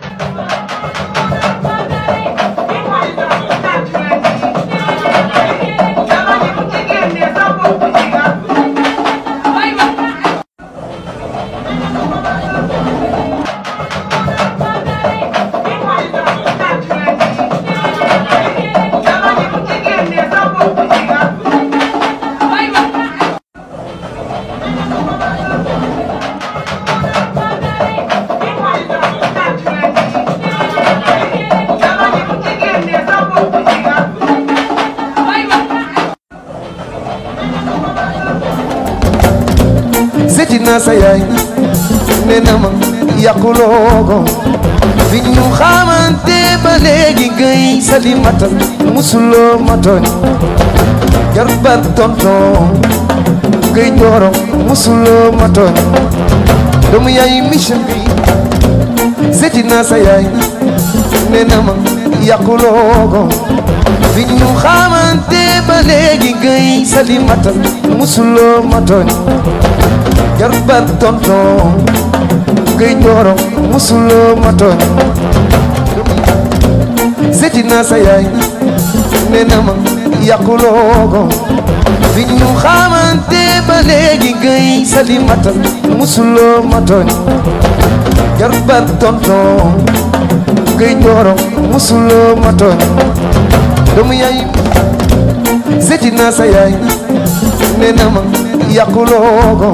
Thank you. na sa yaay nee na ma yàquloo ko bi ba léegi ngay salimata musuloo ma tooñ jar ba tonton musuloo ma doomu yaay mission bi seeti na yaay nee na ma yàquloo ko bi ba léegi ngay salimata musuloo ma jarbat tonton ngay jooro musuloo ma tooñ seeti naa sa yaay nee na ma yàquloo ko bi ñu xamante ba léegi ngay salimata musuloo ma tooñ jarbat tonton jooro musuloo ma doomu yaay seeti naa sa yaay nee na ma yàqu loo ko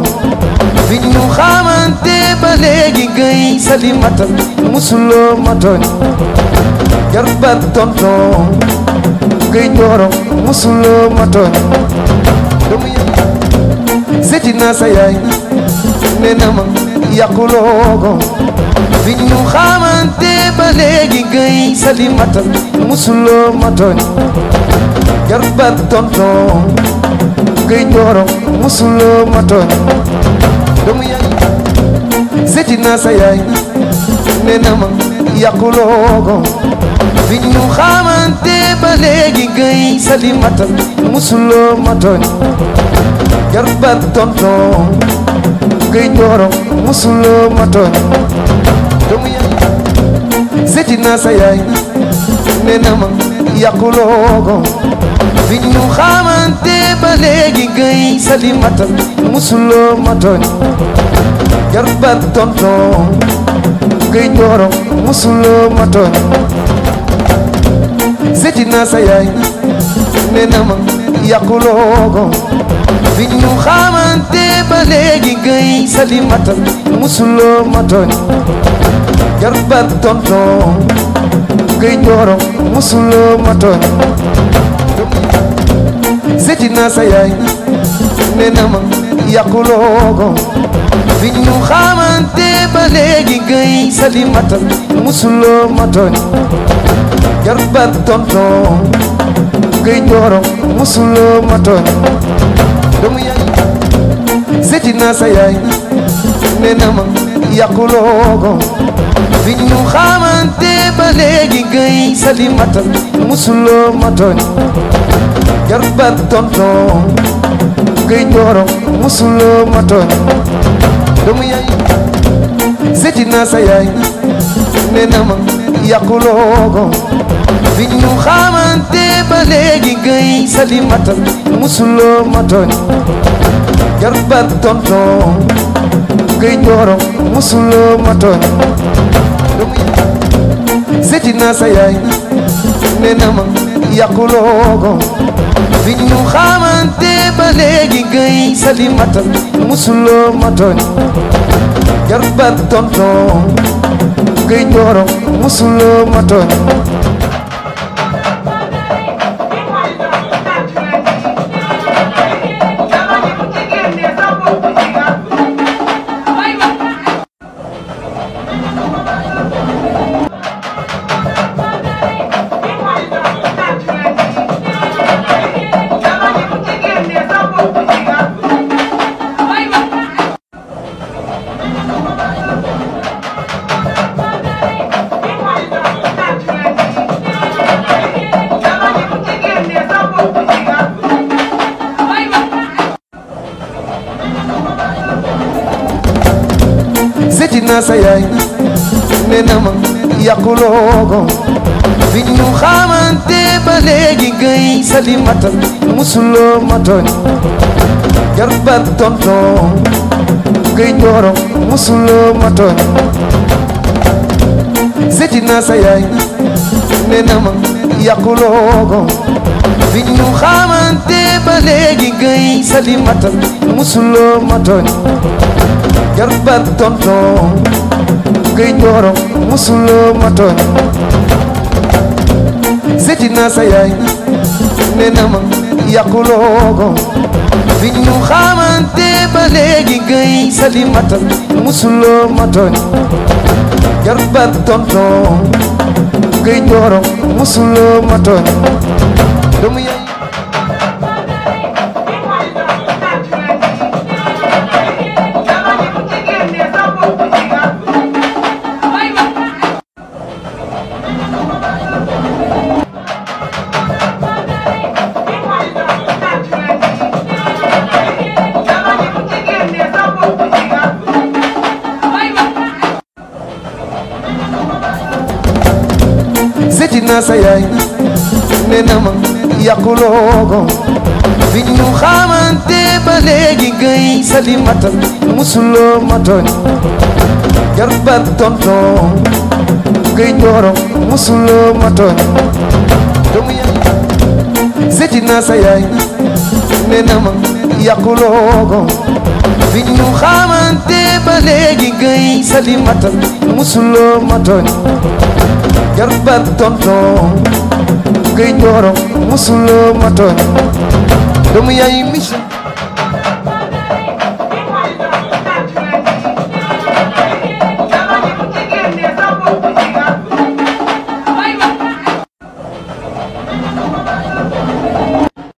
bi ñu xamante ba léegi ngay salimata musuloo matoñ jarbat tonton dooro musuloo doomu yaay bi ñu xamante ba léegi ngay salimata musuloo matoñ jarbat ngay jorom musuloo ma tooñ doomu yaay yaay nee na ma yàquloo ko bi ñu xamante ba léegi ngay salimatal musuloo ma tooñ jarbaat tonton ngay jorom musuloo ma tooñ doomu yaay yaay nee na ma yàquloo ko bi ñu ba léegi xali matal musuloo matoñ jarbat tonton gay jooro musuloo naa sa yaay nee ma yàquloo ko ñu xamante ba léegi gay sali matal musuloo musuloo matoñ seeti naa sa yaay ne na ma yàquloo ko bi ñu xamante ba léegi ngay salimata musuloo ma tooñ jarbat tonton ngay jooro musuloo ma tooñ doomu yaay seetina sa yaay ne ba léegi ngay salimata musuloo ma tooñ jarbat tonton ngay jorom musuloo ma tooñ doomu seeti naa sa yaay nee yàquloo ko bi ñu xamante ba léegi ngay salimata musuloo ma tooñ jarbaat tonton ngay jorom musuloo ma tooñ seeti naa sa yaay nee yàquloo ko bi ñu xamante ba léegi gay salimata musuloo matoñ jarbat tonton gay jooro musuloo matoñ naa sa yaay nee na ma yàquloo ko bi ba léegi ngay salimata musuloo ma tooñ jarbat jooro musuloo ma tooñ seeti yaay nee na ma yàquloo ko bi ba léegi ngay salimata musuloo jarbaat tonton ngay jooro musuloo ma tooñ seeti naa yaay nee ma yàquloo ko bi ñu xamante ba léegi ngay salimata musuloo ma jarbaat tonton ngay jooro musuloo ma tooñ naa sa yaay nee na ma yàquloo ko bi ñu xamante ba léegi ngay salimata musuloo ma tooñ jarbat tonton ngay jooro doomu yaay seeti naa yaay nee na ma yàquloo ko ba léegi ngay salimata musuloo jarbaat tonton gay jooro musuloo ma tooñ doomu yaay mi